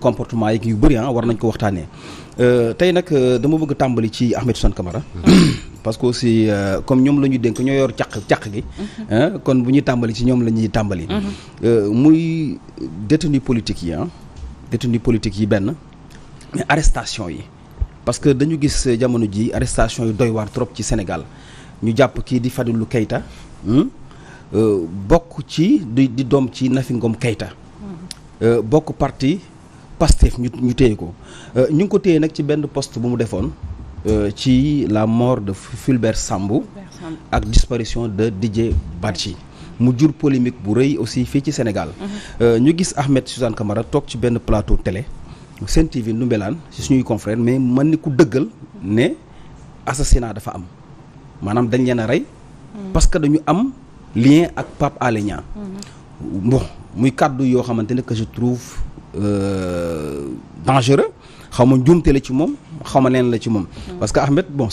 comportement yi yu bari hein ah, war nañ ko euh tay nak euh, dama bëgg tambali ci Ahmed Suzanne Camara mm-hmm. parce que aussi euh, comme ñom lañu ñu dénk ñoo yor ciak càq gi mm-hmm. ah, kon buñu tambali ci ñom lañuy tambali mm-hmm. euh muy détenu politique yi hein ah, détenu politique yi ben, mais arrestation yi parce que dañu gis euh, jamono ji arrestation yi doy war trop ci Sénégal ñu japp ki di Fadilou Keita hmm, bokku ci di dom ci Nafi Ngom Keita bokku parti Pastef ñu ñu téye ko euh, ñu ko téy nak ci benn poste bu mu defoon euh, ci la mort de Fulbert Sambou ak disparition de Didier Badji mu jur polémique bu reuy aussi fi ci Sénégal mhm. euh, ñu gis Ahmed Suzanne Camara tok ci benn plateau télé Sen TV Ndoumbelane ci suñuy confrères mais man ni ku dëggal né assassinat dafa am manam dañ leena a mhm. parce que dañu am lien ak Pape Alé mhm. bon muy kàddu yo xamantene que je trouve euh, dangereux Je ne la ci moom parce que Ahmed bon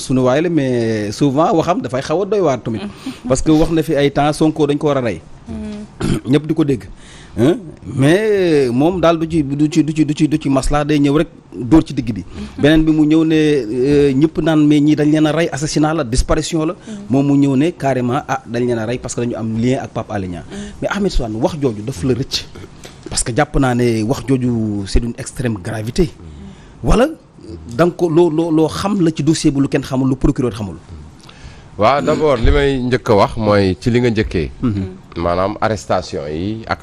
mais souvent waxam parce que fi ay temps Sonko tu ko mm. hein? mais du ci du ci du ci du ci du mais la disparition la. Mm. carrément ah, parce que lien ak parce que japp wax c'est d'une extrême gravité wala Donc, lo xam la ci dossier lu lu procureur d'abord limay wax ci li mhm. arrestation yi ak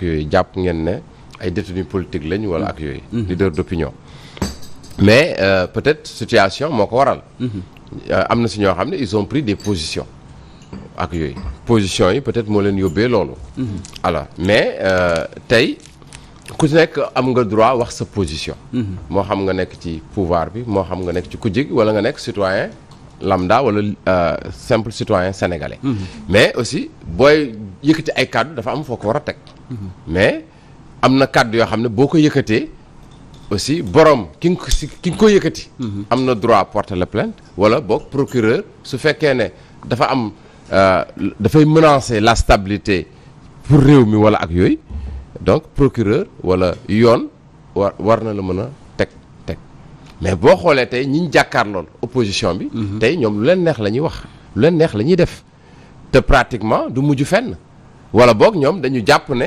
politiques mhm. leader d'opinion. mais euh, peut-être situation moko waral. Mhm. Euh, ils ont pris des positions. ak position peut-être mo leen yobé alors mais euh, ku nekk am nga droit wax sa position. moo xam nga nekk ci pouvoir bi moo xam nga nekk ci kujje jig wala nga nekk citoyen lambda wala euh, simple citoyen sénégalais. mais aussi booy yëkkati ay kàddu dafa am foo ko war a teg. mais am na kàddu yoo xam ne boo ko yëkkatee aussi borom ki nga ko ki nga ko yëkkati. am na droit porter la plainte wala boog procureur su fekkee ne dafa am euh, dafay menacer la stabilité pour réew mi wala ak yooyu. donc procureur wala yoon war na la mën a mais boo xoolee tey ñi jàkkaarloon opposition bi. Mhm. tey ñoom lu leen neex la wax lu te pratiquement du mujj fenn wala boog ñoom dañu jàpp ne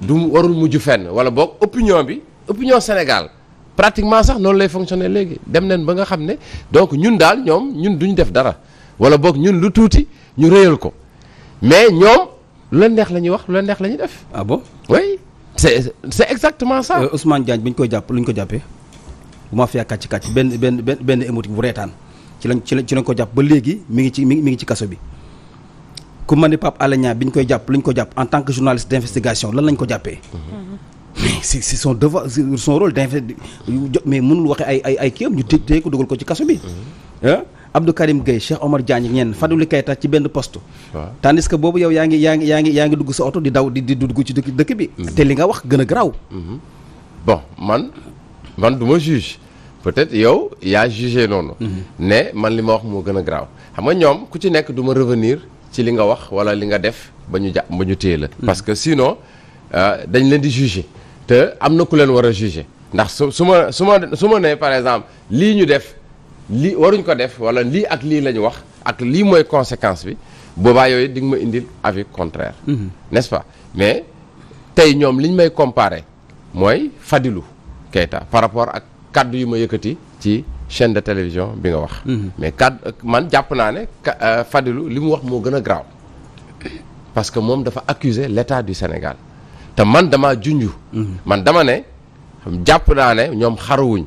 du warul mujj fenn wala opinion bi opinion Sénégal pratiquement sax non lay fonctionner dem ba nga donc ñun daal ñoom ñun duñ def dara wala boog ñun lu ñu ko mais ñoom lu leen neex la ñuy wax lu leen neex la ñuy def. ah bon oui c'est c'est exactement ça. Euh, Ousmane Diagne bi ñu koy jàpp lu ñu ko jàppee bu ma fiyaa kàcc kàcc benn benn benn benn émotique bu reetaan ci lañ ci lañ ci lañ ko jàpp ba léegi mi ngi ci mi ngi ci kaso bi. ku ma ni Pape Alé bi ñu koy jàpp lu ñu ko jàpp en tant que journaliste d'investigation lan lañ ko jàppee. Mm-hmm. mais c'est son devoir son rôle d'investigation mais mënul waxe ay ay ay kii ñu téye ko dugal ko ci kaso bi. Mm-hmm. Hein? Abdou Karim Gueye Cheikh Omar Diagne ñen Fadoul Keita ci benn poste tandis que bobu yow yaangi yaangi yaangi yaangi dugg sa auto di daw di dugg ci dëkk bi mm-hmm. té li nga wax gëna graw mm-hmm. bon man man duma juge peut-être yow yaa jugé noonu mm-hmm. né man li ma wax mo gëna a xam nga ñom ku ci nekk duma revenir ci li nga wax wala li nga def bañu ñu jàpp la parce que sinon euh, dañ leen di juger te amna ku leen wara juger ndax suma suma suma né par exemple li ñu def li waruñ ko def wala li ak li lañ wax ak li moy conséquence bi boba yoy di nga ma indil avis contraire mm-hmm. n'est-ce pas mais tay ñom li may comparer moy fadilu Keita par rapport ak kaddu yu ma yëkkati ci chaîne de télévision bi nga wax mm-hmm. mais cadre man japp na né euh, fadilu li wax mo gëna grave parce que mom dafa accuser l'État du Sénégal te man dama junju mm-hmm. man dama ne jàpp naa ne ñoom xaruwuñ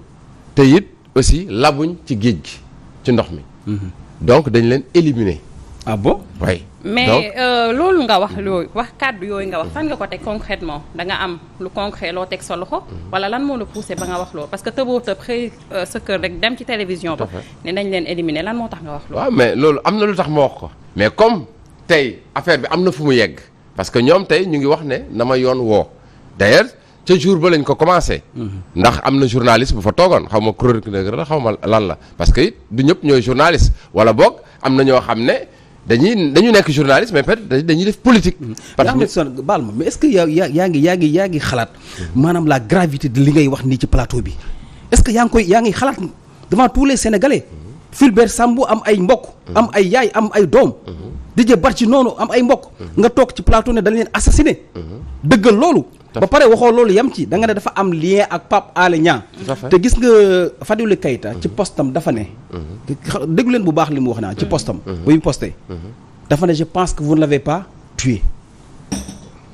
te it aussi labuñ ci géej gi ci ndox mi. Mhm. donc dañ leen éliminer. ah bon oui. mais euh, lolu nga wax lo wax kàddu yoy nga wax fan nga ko teg concrètement da nga am lu concret lo teg sa loxo. Mhm. wala lan mo la pousser ba nga wax lo parce que tebo te pré ce cœur rek dem ci télévision ba. né nañ leen éliminer lan moo tax nga wax lo waaw mais lolu am lutax mo wax ko. mais comme tay affaire bi am fumu yegg parce que ñom tay ñu ngi wax né nama yoon d'ailleurs ca jour ba lañ ko commencé. Mhm. ndax am na journaliste bu fa toogoon xaw ma chroniqueur la xaw ma lan la parce que it du ñëpp ñooy journaliste wala boog am na ñoo xam ne dañuy dañu nekk journaliste mais peut-être dañuy def politique. Mhm. son baal ma mais est-ce que yaa ngi yaa ngi yaa ngi xalaat mhm. maanaam la gravité de li ngay wax nii ci plateau bi est-ce que yaa ngi koy yaa ngi xalaat devant tous les sénégalais. Fulbert Sambou am ay mbokk. am ay yaay am ay doom. Didier ci noonu am ay mbokk. nga toog ci plateau ne dañ leen assassiné. dëggal loolu. ba pare waxoo loolu yam ci da nga ne dafa am lien ak Pape Alé Niang te gis nga Fadilou Keita ci mhm. postam dafa ne mhm. déglu leen bu baax li mu wax naa ci mhm. postam bu ñu posté dafa ne je pense que vous ne l'avez pas tué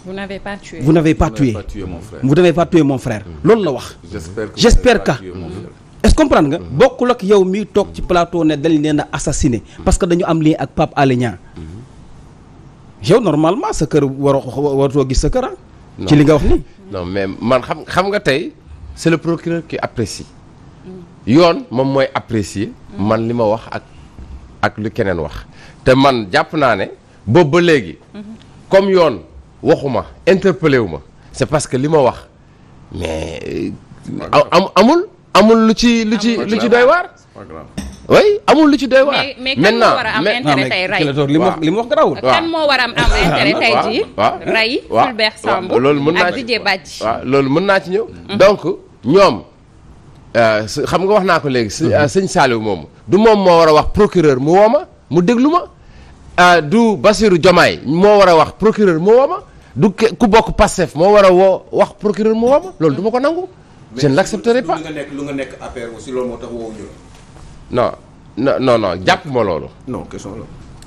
vous n'avez pas tué vous n'avez pas tué vous n'avez pas tué mon frère loolu la wax j'espère que est-ce comprendre nga Bokul ak yow mi tok ci plateau ne dañ leen a assassiné parce que dañu am lien ak Pape Alé Niang yow normalement sa kër waroo wartoo gis sa kër ah ci li nga wax ni non mais man xam xam nga tay c'est le procureur qui apprécie yone mom moy apprécier man li ma wax ak ak lu kenen wax te man japp naa ne boobu ba comme yone waxuma interpellé wu c'est parce que li ma wax mais euh, amul amul lu ci lu ci lu ci doy waar oui amul lu ci doy waar. mais mais kan moo war a am intérêt tey rey li mu wax li mu kan moo war a am intérêt tey jii. waaw loolu mën naa ci ak Didier loolu mën naa ci ñëw. donc ñoom euh, xam nga wax naa ko léegi. Euh, sëñ Saliou moomu. du moom moo war a wax procureur mu woo ma mu déglu ma euh, du Bassirou Diomaye moo war a wax procureur mu woo ma du ku bokk Pastef moo war a woo wax procureur mu woo loolu du ma ko nangu. je ne l'accepterai pas lu nga nekk lu nga nekk affaire aussi loolu moo non non non non, ma non, non question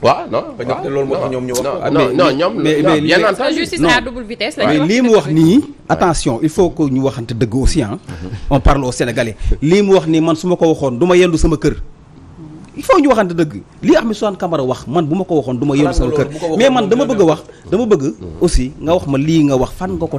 la. non, non non? Non, non non non. attention il faut que nous waxante non, aussi hein. Mhm. on parle aux Sénégalais. non, mu wax non, man ko yendu sama il faut ñu waxante non, non, Ahmed non, Camara wax man non, ko sama mais man dama bëgg wax dama bëgg mhm. aussi nga wax ma nga wax fan nga ko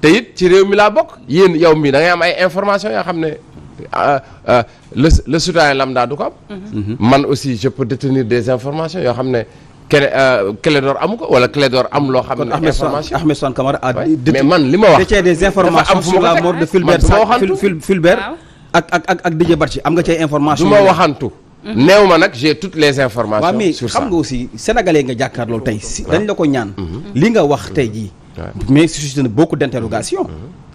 te it ci réew mi laa bokk yéen yow mii dangay am ay information yoo xam ne ah, ah, le le citoyen lambda du ko am mm-hmm. man aussi je peux des informations yoo xam ne kene Clédor euh, amu ko wala Clédor am loo xam ne information Ahmed Suzanne Camara a mais man li ma wax détient des informations sur la mort de Fulbert Fulbert ak ah ak ak ak Didier am nga cay information du ma waxantu mm-hmm. neew ma nag j'ai toutes les informations waaw mais xam nga aussi sénégalais nga jàkkaar loolu tey si dañ la ko ñaan mm-hmm. li nga wax tey jii mais suscité beaucoup d' interrogation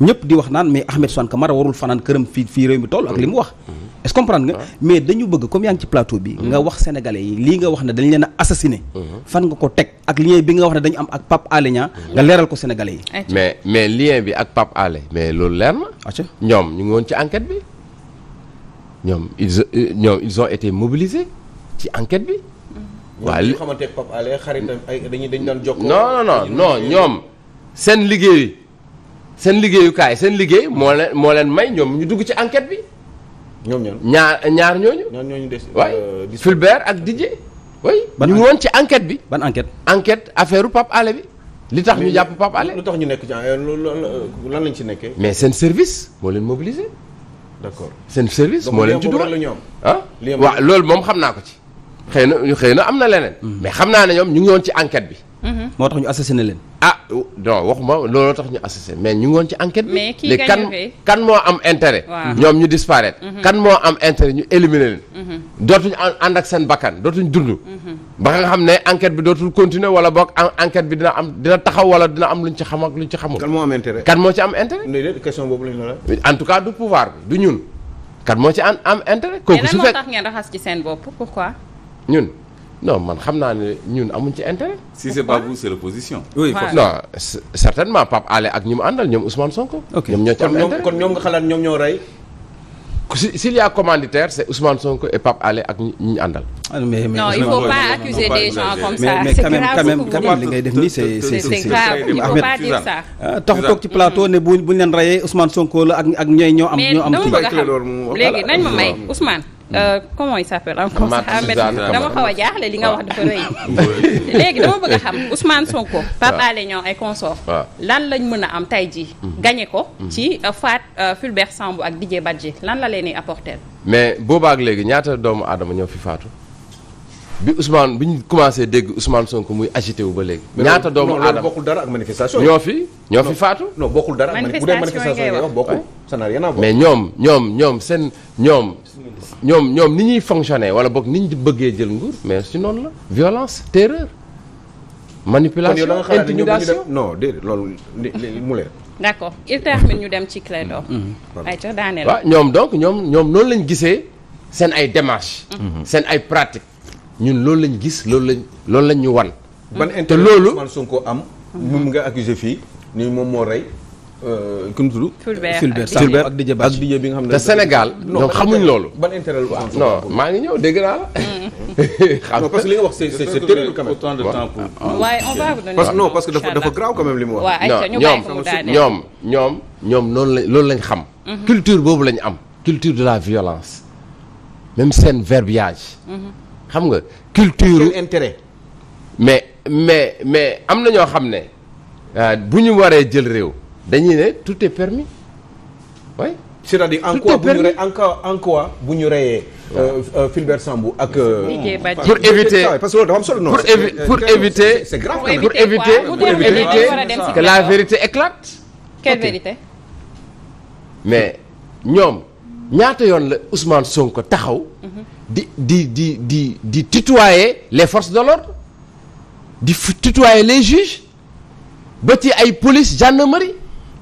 di wax naan mais Ahmed Suzanne Camara warul fanaan kërëm fi fi réew mi toll ak limu wax mm-hmm. est-ce comprendre nga mais dañu bëgg comme yaa ci plateau bi mm-hmm. nga wax sénégalais yi li nga wax ne dañ leen a assassiné mm-hmm. fan nga ko teg ak lien bi nga wax ne dañ am ak Pape Alé Niang nga léral ko sénégalais yi mais mais lien bi ak Pape Alé mais loolu leer na aca ñoom ñu ngi woon ci enquête bi ñoom ils ñoom ils ont été mobilisés ci enquête bi waaw li xamante Pape Alé xaritam ay dañuy dañ daan jokkoo non non non non ñoom c'est une nous liggéeyukaay une may ñom ñu dugg ci enquête bi. ñom ñom ñaar ñaar ñoñu ñoñu euh Fulbert ak Didier. oui ñu won enquête bi. ban enquête enquête affaire Pape Alé bi. li tax ñu lu tax service nous len mobiliser d'accord service nous len ci mais nous ne enquête Mm-hmm. moo tax ñu na leen. ah non waxuma looloo tax ñu assassiné mais ñu ngi woon ci enquête bi. mais kii kan kan moo am intérêt. Mm-hmm. ñoom ñu disparaître. Mm-hmm. kan moo am intérêt ñu éliminer leen. dootuñu ànd ak seen bakkan dootuñ dund. ba nga xam ne enquête bi dootul continuer wala boog enquête bi dina am dina taxaw wala dina am luñ ci xam ak luñ ci xamul. kan moo am intérêt kan moo ci am intérêt. léeg-léeg boobu en tout cas du pouvoir du ñun. kan moo ci am am intérêt. kooku su fekk mais raxas ci seen bopp pourquoi. ñun. non man xam naa que nous amuñ ci intérêt. si ce n'est pas vous c'est l'opposition. oui non certainement Pape Alé ak nous, nous sommes Ousmane Sonko. ñoom Nous sommes am intérêt kon ñoom nga xalaat ñoom ñoo rey. si s'il y a commanditaire c'est Ousmane Sonko et Pape Alé ak ñi ñu àndal. Ah, mais mais non il ne faut pas accuser des gens comme ça mais quand même quand même quand même li ngay def nii c'est grave il ne faut pas dire ça. Ah, tax toog ci plateau ne buñ buñ leen rayee Ousmane Sonko la ak ak ñooy ñoo am. ñoo mais léegi nañ ma may Ousmane. Euh, comment il s'appelle encore sax Ahmed dama xaw a jaaxle li nga wax dafa rëy léegi dama bëgg a xam Ousmane Sonko Pape Alé Niang ay consorts lan lañ mën a am tay ji mhm. gagné ko mhm. ci euh, faat euh, Fulbert Sambou ak Didier Badji lan la leen di apporter mais boobaak léegi ñaata doomu aadama ñoo fi faatu bi Ousmane bi ñu commencé dégg Ousmane Sonko muy agité wu ba léegi. ñaata doomu aadama bokkul dara ak manifestation ñoo fi ñoo fi faatu. non bokkul dara ak bu dee manifestation ngay wax bokkul. ça n'a rien à voir mais ñom, ñom, ñom, sen, ñom, ñom, ñom, ni ñi fonctionner wala bok ni ñu bëggé jël nguur mais si noonu la. violence terreur. manipulation intimidation non déedéet loolu mu leer. d'accord il termine ñu dem ci Ay tax daaneel Wa ñom donc ñom ñom non lañu gissé sen ay démarches. Mm-hmm. sen ay pratiques nous loolu lañ gis loolu lañ loolu lañ ñu wan. ban man Sonko am. nga accusé fii ni moom moo rey. Euh, mu ak Sénégal non xamuñ loolu. ban intérêt non maa ngi ñëw dégg la. non parce que li nga terrible on va vous parce que non parce que dafa quand même li wax. non ñoom culture boobu am. culture de la violence. même seen verbiage. Mhm xam culture intérêt mais mais mais ñoo jël tout est permis c'est-à-dire en quoi bu en euh, euh, euh, quoi Sambou pour éviter que pour éviter pour éviter que la vérité éclate. quelle vérité. mais ñaata yoon la Ousmane Sonko taxaw. di di di di di tutoyer les forces de l'ordre di tutoyer les juges ba ci ay police gendarmerie.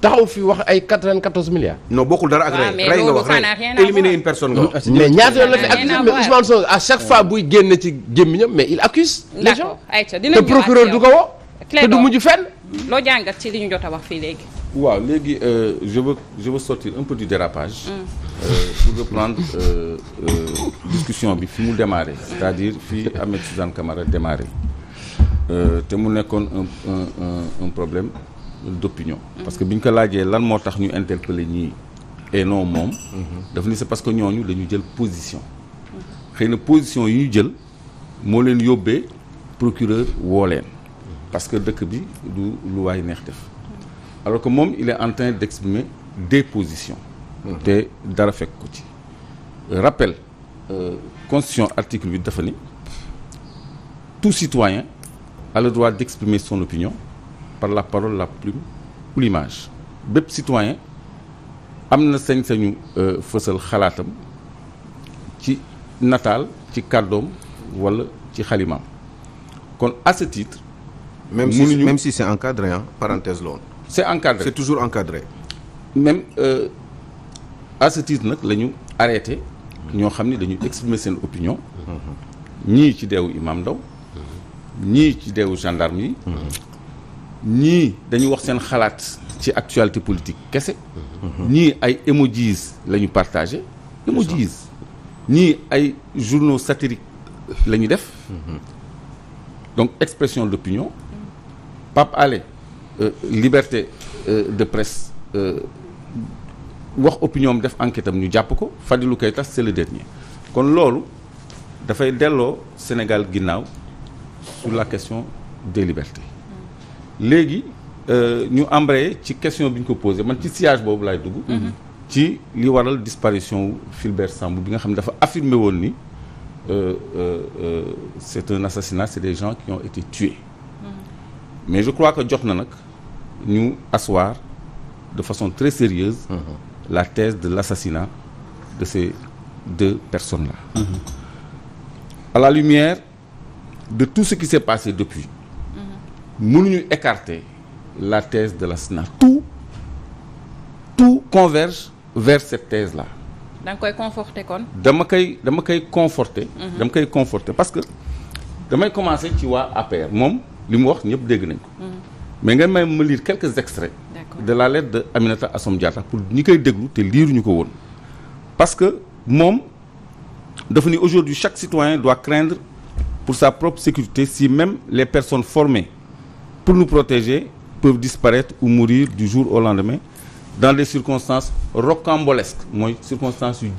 taxaw fi wax ay 94 milliards. non bokul dara ak rey ah, rey nga wax éliminer une personne mais ñaar yoon la fi accusé mais Ousmane Sonko à chaque fois buy génn ci gémmiñam mais il accuse les gens le procureur du ko woo. te du muju fenn. lo jangat ci liñu ñu jot a wax fii légui waaw léegi euh, je veux je veux sortir un peu du dérapage. Mm. Euh, pour reprendre euh, euh, discussion bi fi mu démarré c'est-à-dire fi Ahmed Suzanne Camara démarré euh, te mu nekkoon un un un problème d'opinion. parce que bien que là il lan a tax et non moom. daf c'est parce que nous avons une position. xëy une position yi ñu jël de leen procureur Wallen parce que dëkk bi du une waay alors que moom il est en train d'exprimer des positions. Des dara rappel euh, constitution article 8 la tout citoyen a le droit d'exprimer son opinion par la parole la plume ou l'image Bep citoyen citoyens na sañ-sañu euh, fësal xalaatam ci Natal, ci kàddoom wala ci xalimaam kon à ce titre. même si nous, si c'est encadré hein, parenthèse long, c'est encadré c'est toujours encadré. même euh, à ce titre nag la ñu arrêté Nous avons exprimé dañu exprimer seen opinion. ni mhm. ci deewu imam ni qui ci deewu gendarme yi. Mhm ni dañu wax seen xalaat ci actualité politique Qu'est-ce ni mhm. ay emojis lañu ñu partagé emojis ni ay journaux satiriques les def mhm. donc expression d'opinion Pas Alé euh, liberté euh, de presse euh, wax opinion def enquête am ñu japp ko Fadilou Keïta c'est le dernier kon da fay delloo Sénégal ginnaw sur la question des libertés léegi euh, ñu avons ci question biñ ko posé man ci siège bobu lay dugg. Mhm. ci li disparition Philbert Sambou bi nga xam affirmé euh, euh, c'est un assassinat c'est des gens qui ont été tués. Mhm. mais je crois que jox Nanak nous asseoir de façon très sérieuse. Mhm. la thèse de l'assassinat de ces deux personnes-là. à la lumière de tout ce qui s'est passé depuis mënuñu écarter la thèse de la SNA tout tout converge vers cette thèse là. Donc, koy conforter kon. dama conforté. Mhm. parce que vais commencer ci waa APR moom li wax mhm. mais je vais me lire quelques extraits. de la lettre de Aminata Assome pour que koy déglu te liiruñu ko parce que aujourd'hui chaque citoyen doit craindre pour sa propre sécurité si même les personnes formées pour nous protéger, peuvent disparaître ou mourir du jour au lendemain dans des circonstances rocambolesques Moi, circonstances yu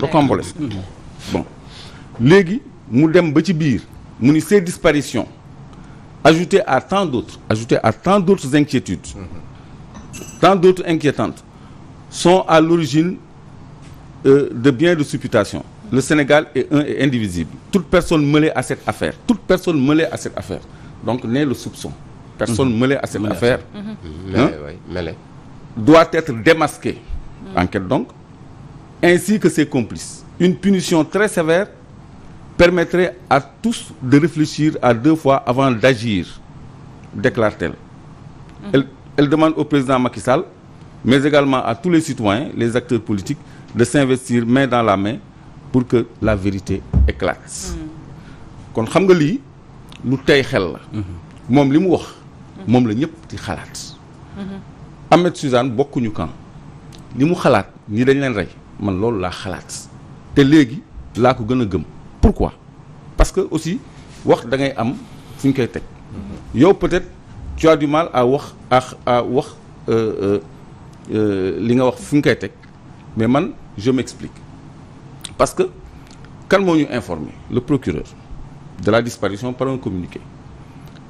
rocambolesques. Mhm. bon Légui, Moudem dem disparitions ajoutées à tant d'autres ajoutées à tant d'autres inquiétudes mhm. tant d'autres inquiétantes sont à l'origine euh, de biens de supputation le Sénégal est indivisible toute personne mêlée à cette affaire toute personne mêlée à cette affaire donc naît le soupçon personne mmh. mêlée à cette affaire mmh. Mmh. Hein? doit être démasquée. Enquête donc. Ainsi que ses complices. Une punition très sévère permettrait à tous de réfléchir à deux fois avant d'agir, déclare-t-elle. Elle, demande au président Macky Sall, mais également à tous les citoyens, les acteurs politiques, de s'investir main dans la main pour que la vérité éclate. kon xam nga mom la ñëpp di xalaat. Ahmed Suzanne ñu kan li mu xalaat ni dañ leen ray man loolu la xalaat te léegi la ko gëna gëm pourquoi parce que aussi wax da ngay am fu koy tek yow peut-être tu as du mal à wax à wax euh, euh, euh, li nga wax fuñ koy tek mais man je m'explique parce que kan moo ñu le procureur de la disparition par un communiqué.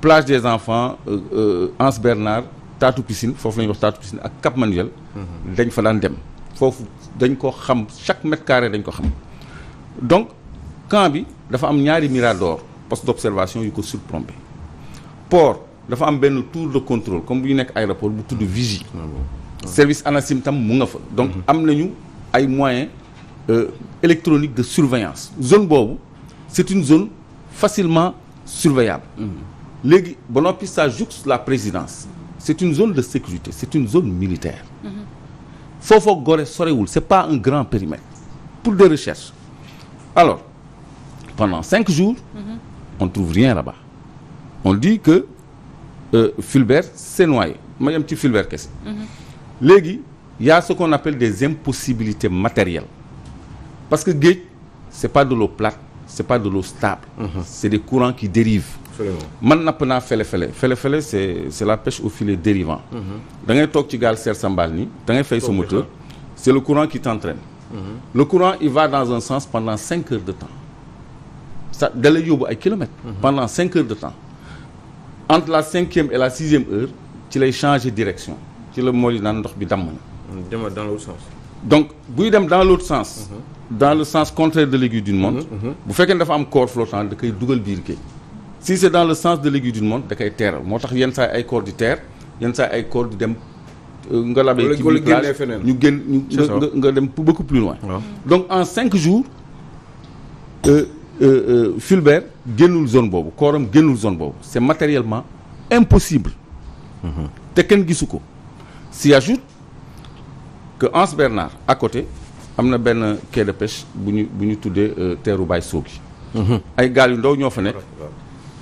plage des enfants euh, euh, Anse Bernard Tatou piscine foofu la piscine ak Cap Manuel. il mhm. fa daan dem foofu chaque mètre carré dañ ko xam donc quand bi dafa am ñaari mirador poste d'observation yu ko surplombé port dafa am un tour de contrôle comme bu a un aéroport tour de vigie service en tam mu nga fa donc on mhm. a ay moyens euh, électroniques de surveillance zone boobu c'est une zone facilement surveillable mhm. Bon, ça la présidence c'est une zone de sécurité c'est une zone militaire Gore Soreoul, ce c'est pas un grand périmètre pour des recherches alors pendant cinq jours on ne trouve rien là-bas on dit que euh, Fulbert s'est noyé ma quest Fulbert il y a ce qu'on appelle des impossibilités matérielles parce que Ce n'est pas de l'eau plate Ce n'est pas de l'eau stable mhm. c'est des courants qui dérivent man napp n'a fele les les c'est c'est la pêche au filet dérivant mhm. da ngay toog ci gaal seet sa Dans ni da ngay moteur c'est le courant qui t'entraîne mhm. le courant il va dans un sens pendant cinq heures de temps ça da lay yóbbu ay kilomètres mhm. pendant cinq heures de temps entre la cinquième et la sixième heure tu lay de direction Tu le moo dans l'autre sens donc vous dem dans l'autre sens dans le sens contraire de l'aiguille d'une montre vous faites ne dafa am corps flottant vous koy double si c'est dans le sens de l'aiguille d'une montre da terre. teeral moo tax yenn saa ay corps di teer yenn saa ay corps de dem euh, nous allons nga dem beaucoup plus loin donc en cinq jours euh, euh, Fulbert génnul zone boobu kooram génnul zone c'est matériellement impossible mm-hmm. te kenn gisu ko s'y ajoute que Hans Bernard à côté am na benn quai de pêche bu ñu bu ñu tuddee teeru Baye Soogi mm-hmm. ay gaal yu ndaw ñoo fa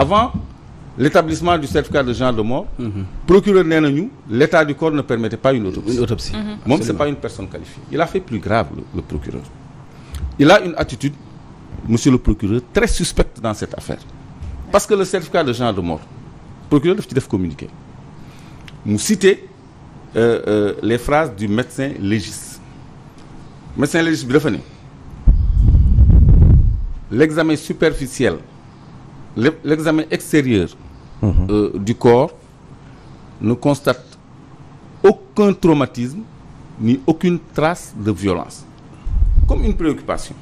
Avant l'établissement du certificat de genre de mort, procureur Nénanou, l'état du corps ne permettait pas une autopsie. Une autopsie. Mhm. ce n'est pas une personne qualifiée. Il a fait plus grave, le, procureur. Il a une attitude, monsieur le procureur, très suspecte dans cette affaire. Parce que le certificat de genre de mort, le procureur de communiquer. Nous citer euh, euh, les phrases du médecin légiste. médecin légiste, l'examen superficiel l'examen extérieur mhm. euh, du corps ne constate aucun traumatisme ni aucune trace de violence. Comme une préoccupation.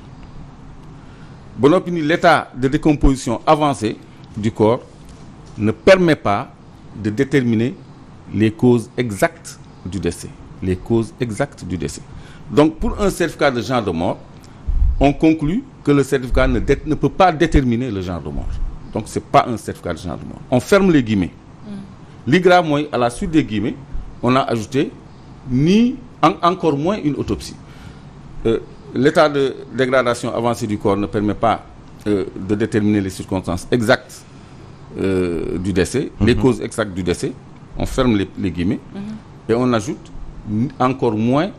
opinion, l'état de décomposition avancée du corps ne permet pas de déterminer les causes exactes du décès. Les causes exactes du décès. Donc, pour un certificat de genre de mort, on conclut que le certificat ne peut pas déterminer le genre de mort donc n'est pas un certificat de on ferme les guillemets mm. ligra à la suite des guillemets on a ajouté ni encore moins une autopsie euh, l'état de dégradation avancée du corps ne permet pas euh, de déterminer les circonstances exactes euh, du décès mm-hmm. les causes exactes du décès on ferme les, guillemets mm-hmm. et on ajoute encore moins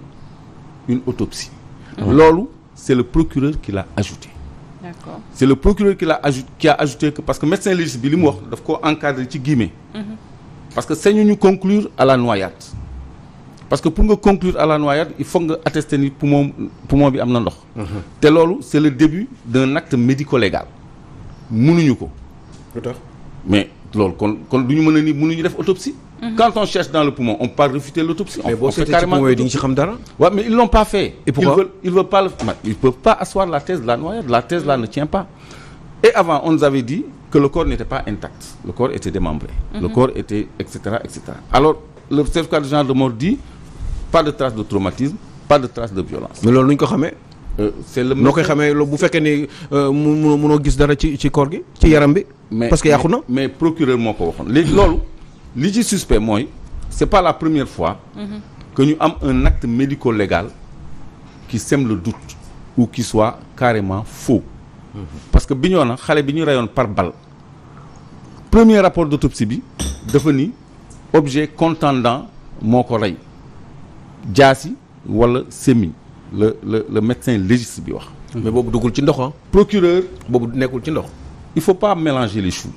une autopsie mm c'est le procureur qui l'a ajouté c'est le procureur qui a ajouté que parce que médecin légiste bi li wax daf ko encadré ci guillemets mm-hmm. parce que nous ñu conclure à la noyade parce que pour nga conclure à la noyade il faut attester pour poumon bi mm-hmm. c'est le début d'un acte médico-légal mënuñu ko lutax mais lolu kon kon duñu mëna ni autopsie Mhm. Quand on cherche dans le poumon, on peut pas refuter l'autopsie. Mais bon, c'est carrément. Ouais, mais ils l'ont pas fait. Et pourquoi Ils veulent, pas Ils peuvent pas asseoir la thèse de la noyade. La thèse là ne tient pas. Et avant, on nous avait dit que le corps n'était pas intact. Le corps était démembré. Mhm. Le corps était, etc., etc. Alors, le certificat de genre de mort dit pas de traces de traumatisme, pas de traces de violence. Mais le ñu euh, c'est le Non, mais le corps ci yaram bi. parce que mais procureur moi ko waxoon ce n'est suspect c'est pas la première fois mhm. que nous avons un acte médico-légal qui sème le doute ou qui soit carrément faux mhm. parce que nous avons par balle premier rapport d'autopsie est devenu objet contendant mon collègue. Jasi ou semi le médecin légiste mais boobu ne hein? procureur Il ne il faut pas mélanger les choses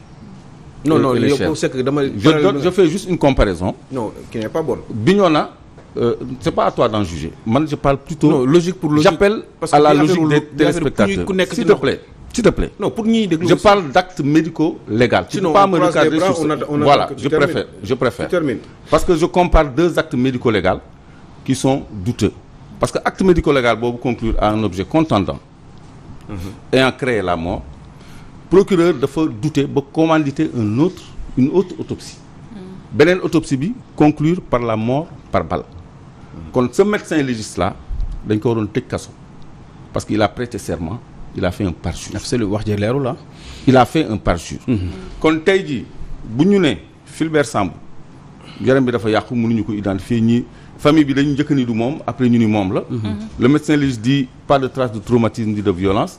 non euh, non je je fais juste une comparaison. non qui n'est pas bonne. Bignona euh, c'est pas à toi d'en juger Moi, je parle plutôt. non logique pour logique j'appelle à la logique des téléspectateurs s'il te plaît. S'il te plaît. Non, pour je parle d'actes médicaux légaux. Tu ne peux pas me regarder sur on Voilà, je préfère. Je préfère. Parce que je compare deux actes médicaux légaux qui sont douteux. Parce que acte médico légal, vous conclure à un objet contendant mhm. et en créer la mort, procureur dafa douter ba commanditer un autre une autre autopsie hmm. benen autopsie bi conclure par la mort par balle hmm. kon ce médecin légiste là dañ ko un tëj parce qu'il a prêté serment il a fait un parjure absolument wax ji leeru la ah. il a fait un parjure hmm. kon tay a bu ñu ne Fulbert Sambou yaram bi dafa yàqu mënuñu ko identifier ñi famille bi dañu jëkëni du mom après ñu ni mom la le médecin légiste dit pas de trace de traumatisme ni de violence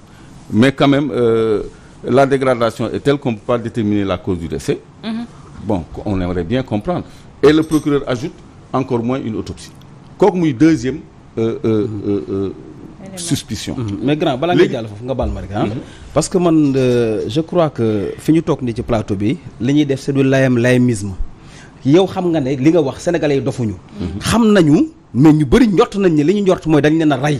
mais quand même euh, la dégradation est telle qu'on ne peut pas déterminer la cause du décès, mhm. bon, on aimerait bien comprendre. Et le procureur ajoute encore moins une autopsie. Comme une deuxième euh, euh, euh, euh suspicion. Mhm. Mais grand, bala nga jall nga bal parce que man euh, je crois que fini talk tok ni ci plateau bi li de def c'est du layam layamisme. yow xam nga ne li nga wax sénégalais dofuñu. Mhm. xam nañu mais ñu bari ñort nañ ne li ñu ñort moy dañ leena ray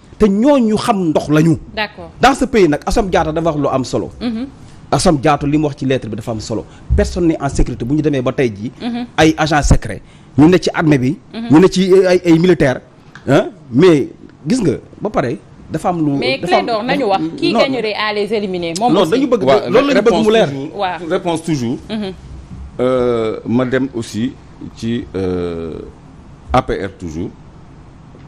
d'accord dans ce pays Assam a Femme solo. Mm-hmm. solo personne n'est en sécurité vous ba mm-hmm. agents secrets ñu militaire, mm-hmm. militaires hein? mais gis nga ba mais qui gagnerait à les éliminer. non dañu bëgg réponse toujours euh, madame aussi ci euh, APR toujours.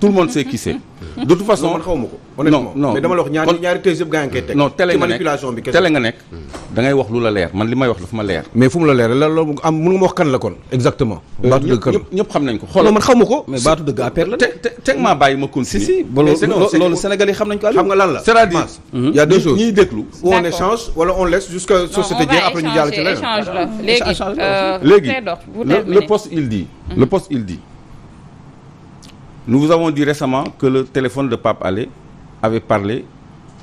tout le monde sait qui c'est. de toute façon on non non honnêtement non non mais dama wax ñaari ñaari non non non télé manipulation bi non télé nga mais hmm. da ngay la mais non la am wax kan la exactement non euh, non xam nañ ko. non man non mais non non la non non si si Sénégal la il hmm? y a deux choses on échange wala on laisse jusqu'à société après ñu jàll ci le poste il dit le poste il dit nous vous avons dit récemment que le téléphone de Pape Allé avait parlé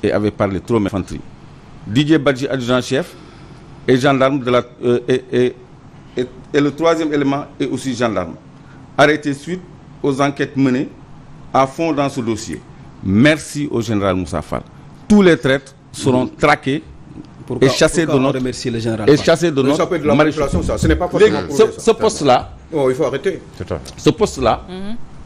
et avait parlé trop d'infanterie. Didier Badji, adjudant-chef, et gendarme de la... Euh, et, le troisième élément est aussi gendarme. Arrêté suite aux enquêtes menées à fond dans ce dossier. Merci au général Moussa Tous les traîtres seront mmh. traqués et chassés de notre... Et chassés de notre... Ce n'est pas possible. Ce, poste-là... Oh, il faut arrêter. Ce poste-là... Mmh.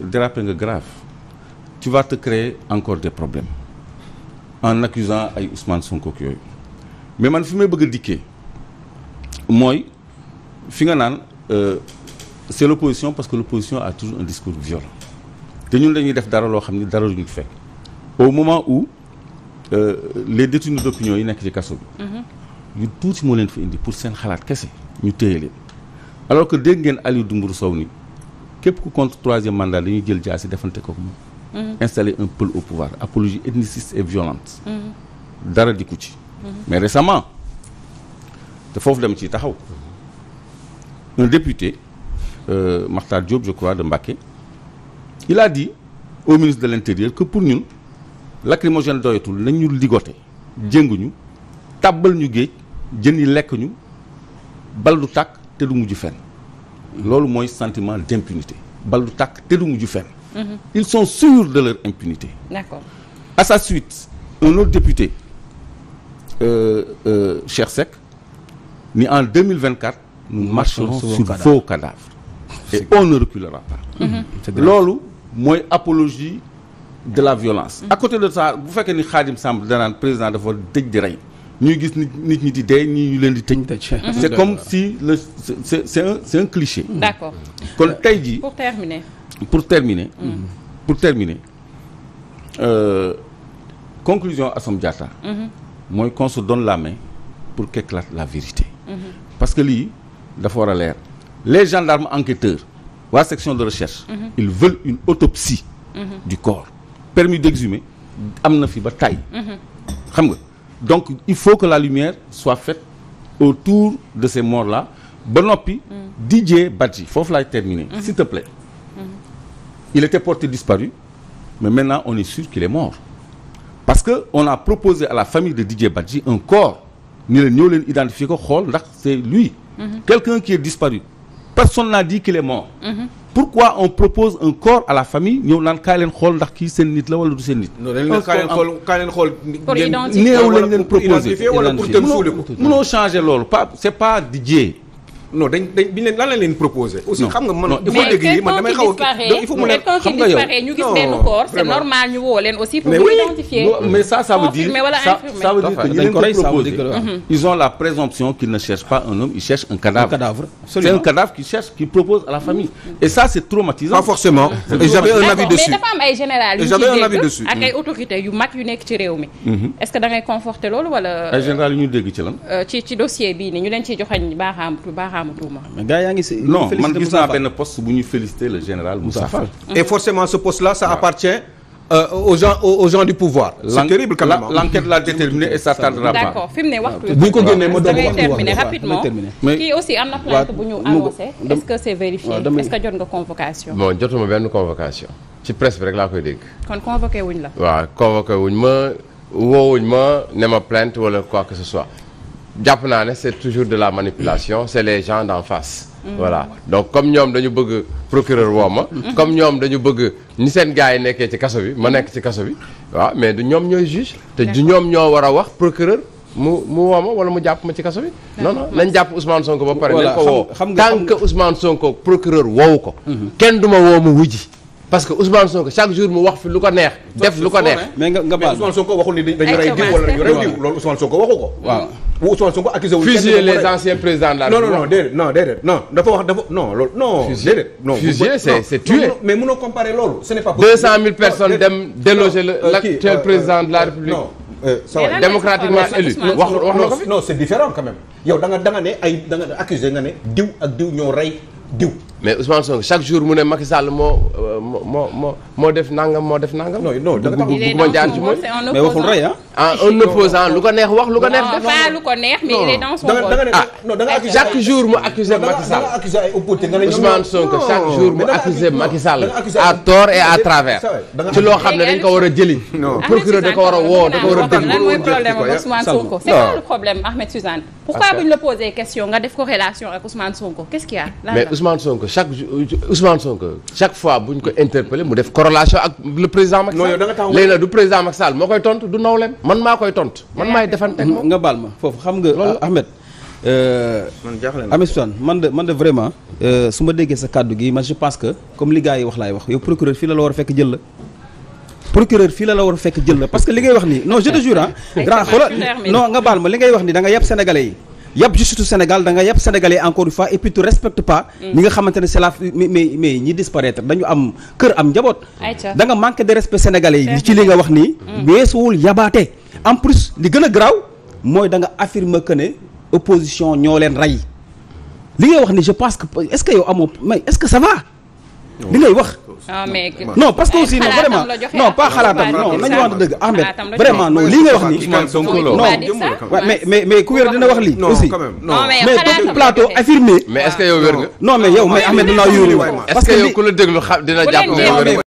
dérapé grave tu vas te créer encore des problèmes en accusant Ousmane Sonko mais moi je may bëgg que euh, c'est l'opposition parce que l'opposition a toujours un discours violent au moment où euh, les détenus d'opinion yi nekk ci kaso Ils ñu ils moo leen fa indi pour s'en xalaat kese ñu alors que dégg ngeen Ali Doumbour képp ku contre troisième mandat dañuy jël jaasi defante ko moom mhm. installer un peuple au pouvoir apologie ethniciste et violente mhm. dara di ku ci mhm. mais récemment te fofu dem ci taxaw un député euh, Makhtar Diop je crois de Mbacké il a dit au ministre de l'intérieur que pour nous lacrymogène doyatul nañu ligoté djenguñu tàbbal ñu géej jën yi ñu bal du tak te du muju fenn lolu un sentiment d'impunité. ils sont sûrs de leur impunité. D'accord. à sa suite un autre député euh, euh, en 2024 nous marchons sur vos cadavres. et on ne reculera pas. Mhm. lolu moy apologie de la violence. Mhm. à côté de ça vous faites ni Khadim de le président de dëj nous c'est mm-hmm. comme si c'est un cliché. Mm-hmm. d'accord pour terminer. pour terminer. Mm-hmm. pour terminer euh, conclusion à je Moi, qu'on se donne la main pour qu'éclate la vérité. parce que là, les gendarmes enquêteurs Ou la section de recherche. ils veulent une autopsie. du corps permis d'exhumer fi ba donc il faut que la lumière soit faite autour de ces morts-là Bonopi, mm. DJ Badji ça laay terminer mm-hmm. s'il te plaît mm-hmm. il était porté disparu mais maintenant on est sûr qu'il est mort parce que on a proposé à la famille de DJ Badji un corps ni le n'y l'a c'est lui mm-hmm. quelqu'un qui est disparu personne n'a dit qu'il est mort pourquoi on propose un corps à la famille mais on n'a len ndax ki sen nit la wala du sen nit. changer lolu c'est pas djé non dañ dañ bi ñu leen lan la leen aussi xam nga man il faut dégg yi man damay xaw donc il faut mu leen xam nga ñu gis corps c'est normal ñu woo leen aussi pour vous identifier mais ça ça veut dire ça ça veut dire que ñu leen ko proposé mhm. ils ont la présomption qu'ils ne cherchent pas un homme ils cherchent un cadavre c'est un cadavre qu'ils cherchent qu'ils proposent à la famille et ça c'est traumatisant pas forcément et j'avais un avis dessus mais dafa am ay général j'avais un avis dessus Avec ay mm. autorités yu mag yu nekk ci réew mi mm-hmm. est-ce que da ngay conforter lolu wala ay général ñu dégg ci lan euh, ci ci dossier bi ni ñu leen ci joxagne baaxaam mais gars non man gis naa benn poste bu ñu féliciter le général Moussa Fall. et forcément ce poste là ça appartient. Euh, aux gens aux gens du pouvoir. c'est terrible quand même hein. l'enquête l'a déterminé et ça tardera pas. d'accord fi mu waxtu bu ko génnee ma doon terminer rapidement qui aussi am na plainte bu ñu annoncé est-ce que c'est vérifié est-ce que a nga convocation. bon jotuma benn convocation ci presse bi rek laa koy dégg. kon convoqué wuñ la. waaw convoqué wuñ ma woowuñ ma ne ma plainte wala quoi que ce soit jàpp naa ne toujours de la manipulation c'est les gens d'en face. voilà donc comme ñoom dañu bëgg procureur woo comme ñoom dañu bëgg ni sen gars yi nekkee ci kaso bi ma nekk ci kaso bi waaw mais du ñoom ñooy juge. te du ñoom ñoo war wax procureur mu mu woo wala mu jàpp ma ci kaso bi. non non nañ jàpp Ousmane Sonko ba pare. nañ ko woo tant Ousmane Sonko procureur woowu ken mhm. kenn du ma woo mu parce que Ousmane Sonko chaque jour mu wax fi lu neex. def lu neex mais nga nga baal mais Ousmane Sonko waxul ni dañu rey diw wala dañu rey diw loolu Ousmane Sonko waxu ko waaw. Fusiez les anciens présidents de la. non non non non non non non. non fusiller c'est tuer. mais nous comparer loolu ce n'est pas possible. 200 000 personnes délogées déloger euh, l'actuel euh, euh, président de la République. non démocratiquement élu non c'est différent quand même yow da nga da nga accusé mais Ousmane Sonko chaque jour mu ne Macky Sall mo mo mo mo def nangam mo def nangam. non non bëgguma jaar ci moom mais waxul hein? ah. un opposant lu ko neex wax lu ko neex. def pas lu ko neex mais il est dans son rôle. ah non da nga accusé chaque jour mu accusé Macky Sall. Ousmane Sonko chaque jour mu accusé Macky Sall. à tort et à travers. ci lo xam dañ ko wara jëli. non procureur da ko wara wo da ko wara a déglu. lan problème Ousmane Sonko c'est quoi le problème Ahmed Suzanne pourquoi buñ le poser question nga def corrélation avec Ousmane Sonko qu'est-ce qu'il y a mais Ousmane Sonko chaque Ousmane Sonko chaque fois buñ ko interpeller mu def corrélation ak le président Macky Sall léegi nag du président Macky Sall moo koy tontu du nawlem man makoy koy tontu man may defante ak nga baal ma foofu xam nga Ahmed euh man jaaxle Ahmed Suzanne man de man de vraiment euh suma déggee sa kàddu gi man je pense que comme li gars yi wax lay wax yo procureur fi la wara fekk jël procureur fi la wara fekk jël parce que li ngay wax ni non je te jure hein grand xoolal non nga baal ma li ngay wax ni da nga yeb sénégalais yi yàpp juste au Sénégal da nga yàpp sénégalais encore une fois et puis tu respectes pas. ni nga xamantene c'est la mais mais ñi disparaître dañu am kër am njaboot. da nga de respect sénégalais yi. ci li nga wax ni mm. weesuwul yabaté en plus li gëna graw moy mooy da nga affirmer que ne opposition ñoo leen rey li nga wax ni je pense que est-ce que yow amoo mais est-ce que ça va. li ngay wax. Ah, non parce que aussi non vraiment non pas xalaatam non nañu waxante dëgg Ahmed vraiment non lii nga wax nii. non mais mais mais ku wér dina wax lii. aussi mais toog plateau affirmé. mais est yow wér nga. non mais yow mais Ahmed dinaa yóoru. parce que est-ce yow ku la déglu xam dina jàpp ne